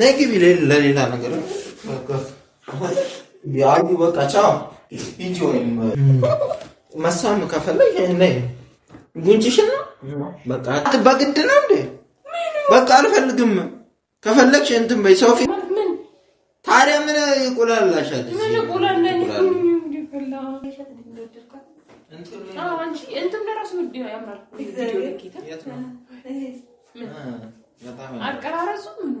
ነይ ግቢ ለሌላ ነገር ያዩ በቃ ቻው እንጂ ወይም መሳም ከፈለግ ነይ ጉንጭሽን በቃ በግድ ነው እንዴ? በቃ አልፈልግም። ከፈለግሽ እንትን በይ ሰው ፊት ታዲያ ምን ይቆላልሻል? ምን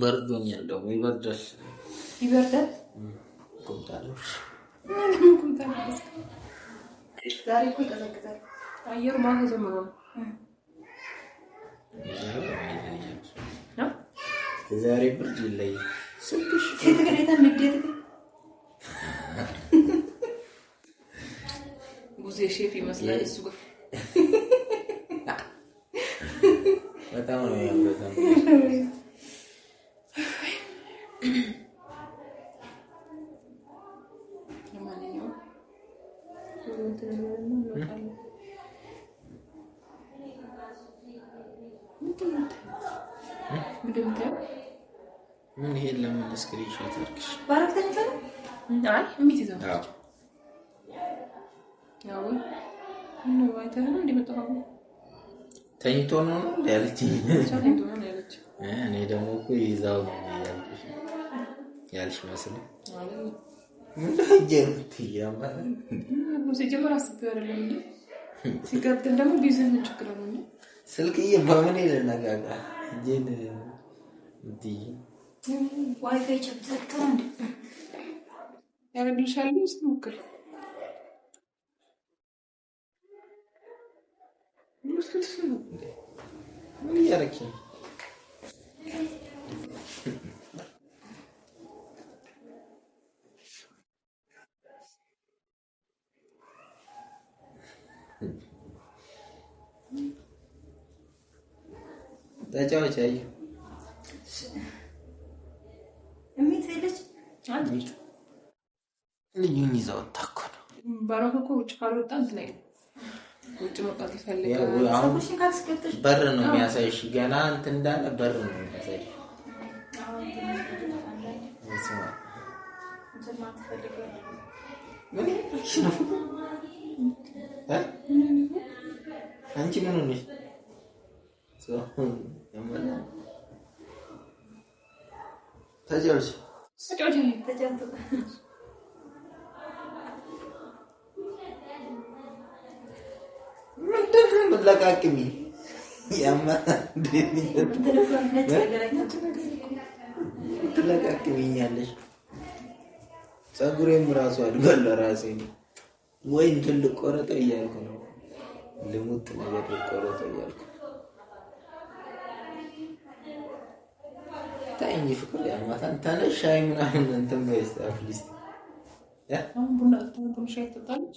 በርዶኛል። ደግሞ ይበርዳል፣ ይበርዳል። ምንም ለብሽ ዛሬ እኮ ይቀዘቅዛል። አየሩ ማታ ጀምሮ ነው። ዛሬ ብርድ ይለይ ይለያል። ጉዜ ሼፍ ይመስላል እሱ ጋር በጣም ነው አይ እሚት ይዘው ናቸው ያው ነው አይተህ ነው እንደመጣሁ ተኝቶ ነው ነው ያለችኝ። እኔ ደግሞ እኮ ይዛው ያልሽ መስሎ ሲጀምር አስቤው አይደለም እንዴ? ሲቀጥል ደግሞ ቢዚ ምን ችግር ነው? ስልክዬ በምን ልነጋጋ እጄን ዋይፋይ ጨብጠቅተው እንዴ ያረግልሻል። እስኪ ሞክሪ። ምን እያደረግሽ ነው? ተጫወች። አየሁ ልዩን ይዘው ታኮ ነው። የሚያሳይ እኮ ውጭ ካልወጣ እንትን ውጭ መውጣት ይፈልጋል። በር ነው የሚያሳይሽ። ገና እንትን እንዳለ በር ነው የሚያሳይሽ። አንቺ ምን ሆነሽ? ተጫወች ተጫወች ለቃቅሚ ያማ ትለቃቅሚኛለሽ። ፀጉሬም ራሱ አድጓል። ራሴ ወይ እንትን ልቆረጠው እያልኩ ነው። ልሙጥ ነገር ልቆረጠው እያልኩ ታይኝ ፍቅር ያማታን ተነሽ፣ ሻይ ምናምን እንትን በይ እስኪ አትሊስት ቡና ሻይ ትጠጣለች።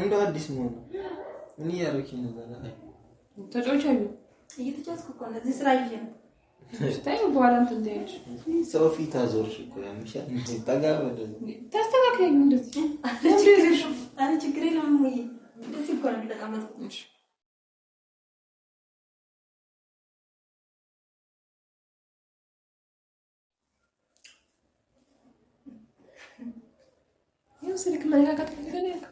እንደ አዲስ መሆን እኔ ያረኪ ነበር ተጫዋች አሉ እየተጫወትኩ እኮ እዚህ ስራ ይዤ ነው። ስታይ በኋላ እንትን ትያለሽ። ሰው ፊት አዞርሽ እኮ ያምሻል። ጠጋ ታስተካክለኝ። እንደዚህ አረ ችግር የለውም ወይ እንደዚህ እኮ ነው የተቀመጥኩት። ያው ስልክ መነካከት ፈልገን ያልኩ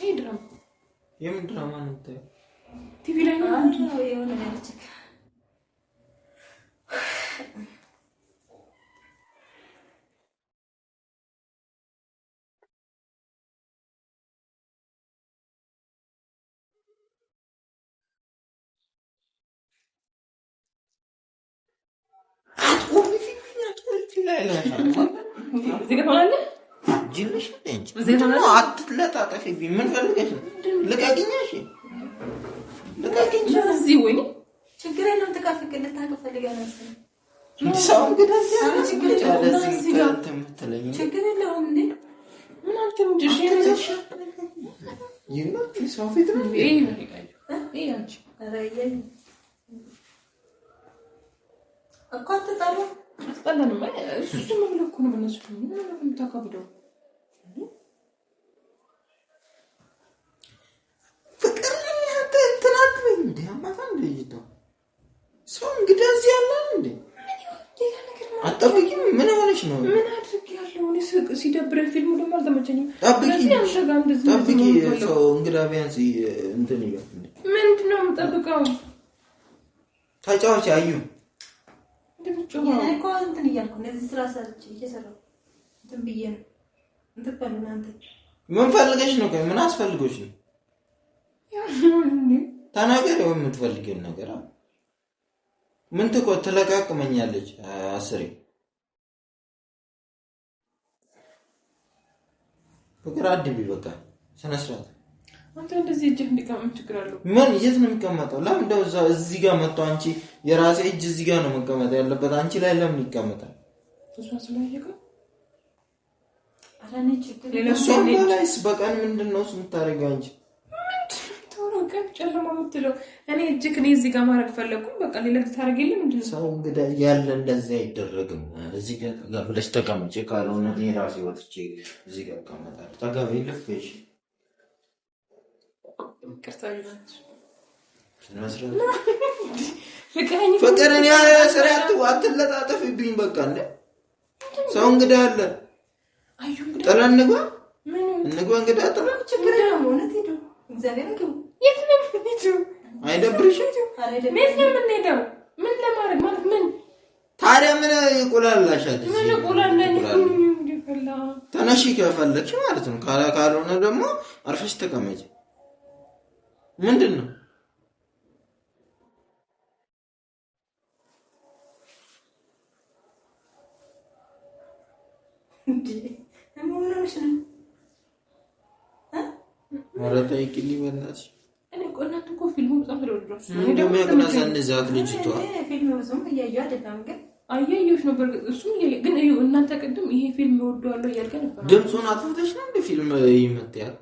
ይሄ ድራማ የምን ድራማ ነው የምታየው? ቲቪ ላይ ነው የሆነ እዚህ ጅልሽ እንጂ ምንድን ነው? አትለጣጠፊብኝ። ምን ፈልገሽ ነው? ልቀቂኝ። እሺ ልቀቂኝ። እዚህ ወይ ችግር የለም። ትቀፍቅ ልታቅፍ ፈልጋ ነው ሰው እንግዲህ ችግር የለውም። እንዴ ምን አንቺም ድሽ ይህ ሰው ፊት ነው እኮ አትጠራ አትጠላንም። እሱ ዝም ብለህ እኮ ነው የምነሱ ምንም የምታከብደው ፍቅር ላይ አንተ እንትን አትበኝ እንዴ አባታ እንደ ይተው ሰው እንግዲህ እዚህ ያለ እንዴ አጠብቂኝ ምን ሆነች ነው ምን አድርግ ያለው ሲደብረን ፊልሙ ደግሞ አልተመቸኝም ጠብቂ ሰው እንግዲህ ቢያንስ እንትን ይበል ነው የምጠብቀው ተጫዋች አዩ እኮ ስራ ሰርች እየሰራሁ ብዬ ነው ምን ፈልገሽ ነው? ምን አስፈልጎች ነው? ተናገር የምትፈልጊውን ነገር ምን ትቆ ትለቃቅመኛለች አስሬ ፍቅር አድቢ በቃ ስነ አንተ እንደዚህ እጅህ እንዲቀመጥ ችግር አለው ምን የት ነው የሚቀመጠው ለምን እንደው እዚህ ጋር መጣው አንቺ የራሴ እጅ እዚህ ጋር ነው መቀመጥ ያለበት አንቺ ላይ ለምን ይቀመጣል እሷ ስለያየከ አላኔ ችግር ሌላ ሰው በቀን ምንድነው ስምታረጋው አንቺ ጨለማ ምትለው እኔ እጅግ እኔ እዚህ ጋር ማድረግ ፈለግኩም። በቃ ሌላ ታደርግ እንዲ ሰው እንግዲህ ያለ እንደዚህ አይደረግም። እዚህ ጋር ብለሽ ተቀመጭ፣ ካልሆነ እኔ ራሴ ወጥቼ እዚህ ጋር እቀመጣለሁ። ተጋቢ ልፍሽ ፍቅር እኔ ስራ አትለጣጠፍብኝ። በቃ እንደ ሰው እንግዳ አለ ጥለን እንግባ እንግባ እንግዳ ጥለን የት ነው የምንሄደው? አይደብርሽም? የት ነው የምንሄደው? ምን ለማድረግ ማለት ምን? ታዲያ ምን ምን ተነሺ ከፈለግሽ ማለት ነው። ካልሆነ ደግሞ አርፈሽ ተቀመጭ። ምንድን ነው ኧረ በእናትሽ እናንተ ፊልሙ በጣም አያየሁሽ ነበር ግን እናንተ ቅድም ይሄ ፊልም እወደዋለሁ እያልከ ነበር። ድምፁን አጥፍተሽ ነው እንደ ፊልም ይመጣል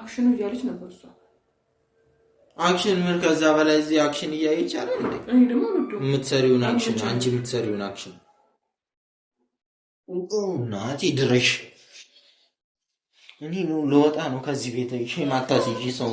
አክሽኑ እያለች ነበር እሷ አክሽን ምን ከዛ በላይ እዚህ አክሽን እያየች አለ የምትሰሪውን አክሽን አንቺ የምትሰሪውን አክሽን ድረሽ። እኔ ነው ነው ከዚህ ቤት። ይሄ ማታስ ሰው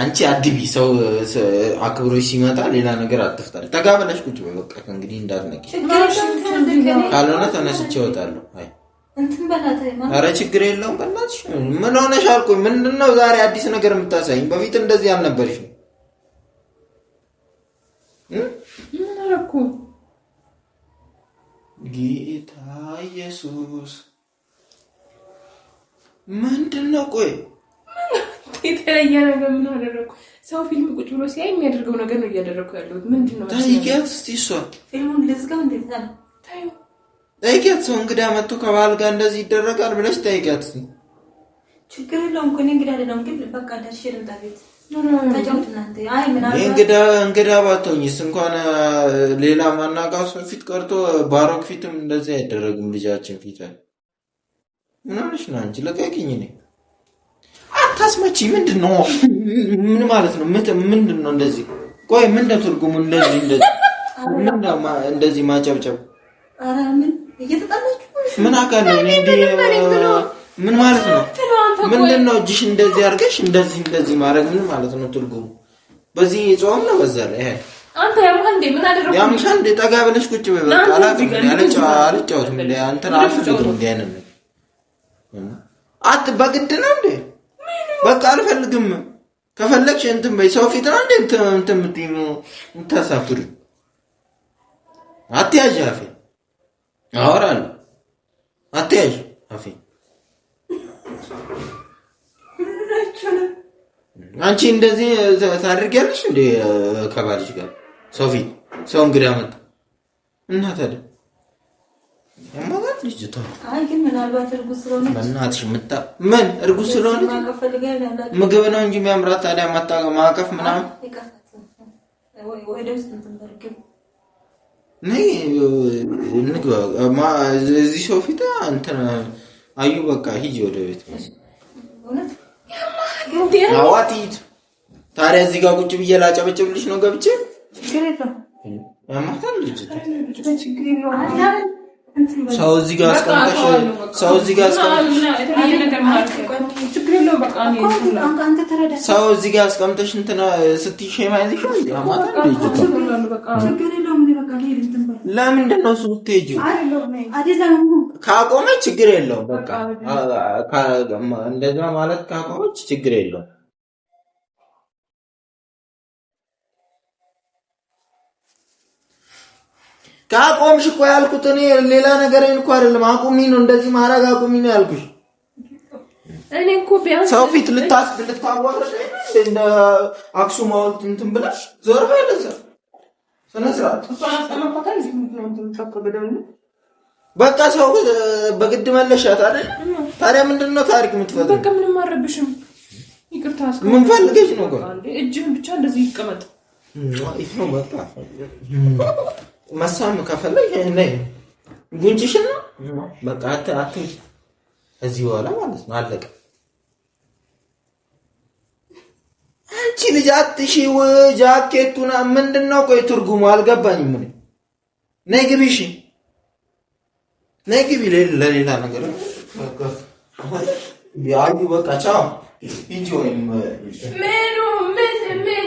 አንቺ አድቢ ሰው አክብሮች ሲመጣ ሌላ ነገር አትፍጣል። ተጋበለሽ ቁጭ በይ በቃ እንግዲህ እንዳትነቂ። ካልሆነ ተነስቼ እወጣለሁ። ኧረ ችግር የለውም። በእናትሽ ምን ሆነሽ አልኩኝ። ምንድን ነው ዛሬ አዲስ ነገር የምታሳይኝ? በፊት እንደዚህ አልነበርሽም። ጌታ ኢየሱስ ምንድን ነው? ቆይ የተለየ ነገር ምን አደረግኩ? ሰው ፊልም ቁጭ ብሎ ሲያይ የሚያደርገው ነገር ነው እያደረግኩ ያለሁት። ምንድን ነው እስኪ እሷ ፊልሙን ልዝጋው። ታዩ ሰው እንግዳ መጥቶ ከባል ጋር እንደዚህ ይደረጋል ብለሽ ታይቂያት። ችግር የለውም እኮ እኔ እንግዳ አይደለሁም፣ ግን በቃ ደርሼ ልምጣ ቤት እንግዳ ባትሆኝስ እንኳን ሌላ ማናውቀው ሰው ፊት ቀርቶ ባሮክ ፊትም እንደዚህ አይደረግም። ልጃችን ፊት ምን ሆነሽ ነው አንቺ? ልቀቂኝ እኔ አታስመቺ ምንድን ነው? ምን ማለት ነው? ምንድን ነው እንደዚህ? ቆይ ምን ትርጉሙ? እንደዚህ እንደዚህ እንደዚህ ማጨብጨብ ምን አውቃለሁ? ምን ማለት ነው? ምንድን ነው? እጅሽ እንደዚህ አድርገሽ እንደዚህ እንደዚህ ማድረግ ምን ማለት ነው ትርጉሙ? በዚህ ጾም ነው በዛ ላይ ይሄ አንተ ያምሻ እንዴ? ምን አደረኩ? ያምሻ እንዴ? ጠጋ ብለሽ ቁጭ በይ። በቃ አልጫወትም። አንተ አልፈልግም እንዴ አይነት አት በግድ ነው እንዴ በቃ አልፈልግም። ከፈለግሽ እንትን በይ። ሰው ፊት ነው እንዴ እንትን የምትይኝ የምታሳፍሪ? አትያዥ አፌ አወራለሁ። አትያዥ አፌ አንቺ እንደዚህ ታደርጊያለሽ እንዴ ከባልሽ ጋር ሰው ፊት? ሰው እንግዲህ አመጣ እና ታዲያ አለባት ልጅቷ። አይ ግን ምናልባት እርጉዝ ስለሆነች በእናትሽ ምጣ ምን እርጉዝ ስለሆነች ምግብ ነው እንጂ የሚያምራት ታዲያ ማጣ ማቀፍ ምናምን እዚህ ሰው ፊት እንትን አዩ በቃ ሂጂ ወደ ቤት። አዋት ሂድ ታዲያ እዚህ ጋር ቁጭ ብዬ ላጨበጭብልሽ ነው ገብቼ ልጅ ሰው እዚህ ጋር አስቀምጠሽ ሰው እዚህ ጋር አስቀምጠሽ ሰው እዚህ ጋር አስቀምጠሽ እንትን ስትይ ሼም አይልሽም። ለምንድን ነው እሱ የምትሄጂው? ካቆመች ችግር የለውም። በቃ እንደዛ ማለት ካቆመች ችግር የለውም። ከአቆምሽ እኮ ያልኩት እኔ ሌላ ነገር እኮ አይደለም። አቁሚ ነው እንደዚህ ማድረግ አቁሚ ነው ያልኩሽ። እኔ እኮ ቢያንስ ሰው ፊት ልታስ ልታዋረሽ እንደ አክሱም ሐውልት እንትን ብለሽ ዞር በይ። በቃ ሰው በግድ መለሻት አይደል? ታዲያ ምንድን ነው ታሪክ የምትፈልገው? በቃ ምንም አልረብሽም። ይቅርታ ምን ፈልገሽ ነው? እጅህን ብቻ እንደዚህ ይቀመጥ ነው በቃ መሳም ከፈለግ ነይ ጉንጭሽ ነው በቃ አትንጭ። እዚህ በኋላ ማለት ነው አለቀ። አንቺ ልጅ አትሺው ጃኬቱና ምንድን ነው? ቆይ ትርጉሙ አልገባኝም። ምን ነይ ግቢ፣ እሺ ነይ ግቢ። ለሌላ ነገር ያዩ በቃ ቻው። ሂጂ ወይም ምን ምን ምን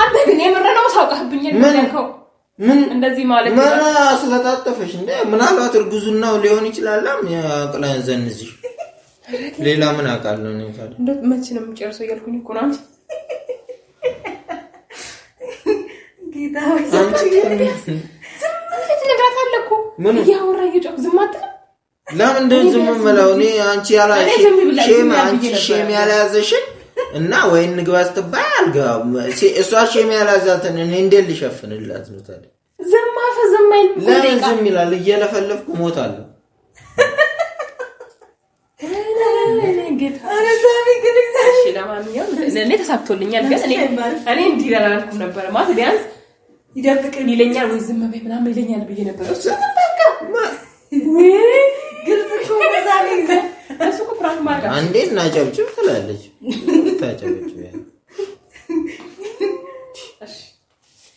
አንተ ግን የምር ነው ሳውቃብኝ የሚያልከው ምን እንደዚህ ማለት ነው? ማና ስለታጠፈሽ እንደ ምናልባት እርጉዙናው ሊሆን ይችላል። ያቅላን ዘን እዚህ ሌላ ምን አውቃለሁ ነው ታዲያ እንዴ? መቼ ነው የምጨርሰው እያልኩኝ እኮ ነው። አንቺ ጌታ ወይ አንቺ ምን እያወራ እየጮክ ዝም ለምን እንደዚህ ዝም የምለው እኔ አንቺ ያላ ሼም አንቺ ሼም ያልያዘሽን እና ወይ እንግባ ስትባይ አልገባም። እሷ ሸሚ ያላዛትን እኔ እንዴት ልሸፍንላት ነው ታዲያ? ዝም አፈ ለምን ዝም ይላል? እየለፈለፍኩ እሞታለሁ። ለማንኛውም ተሳክቶልኛል፣ ግን እኔ እንዲህ አላልኩም ነበረ ማለት ቢያንስ ይደብቅን ይለኛል ወይ ዝም በይ ምናምን ይለኛል ብዬ ነበር። እሱ ወይ ግልጽ እኮ ዛሬ አንዴ እናጨብጭብ ትላለች ታጨብጭብ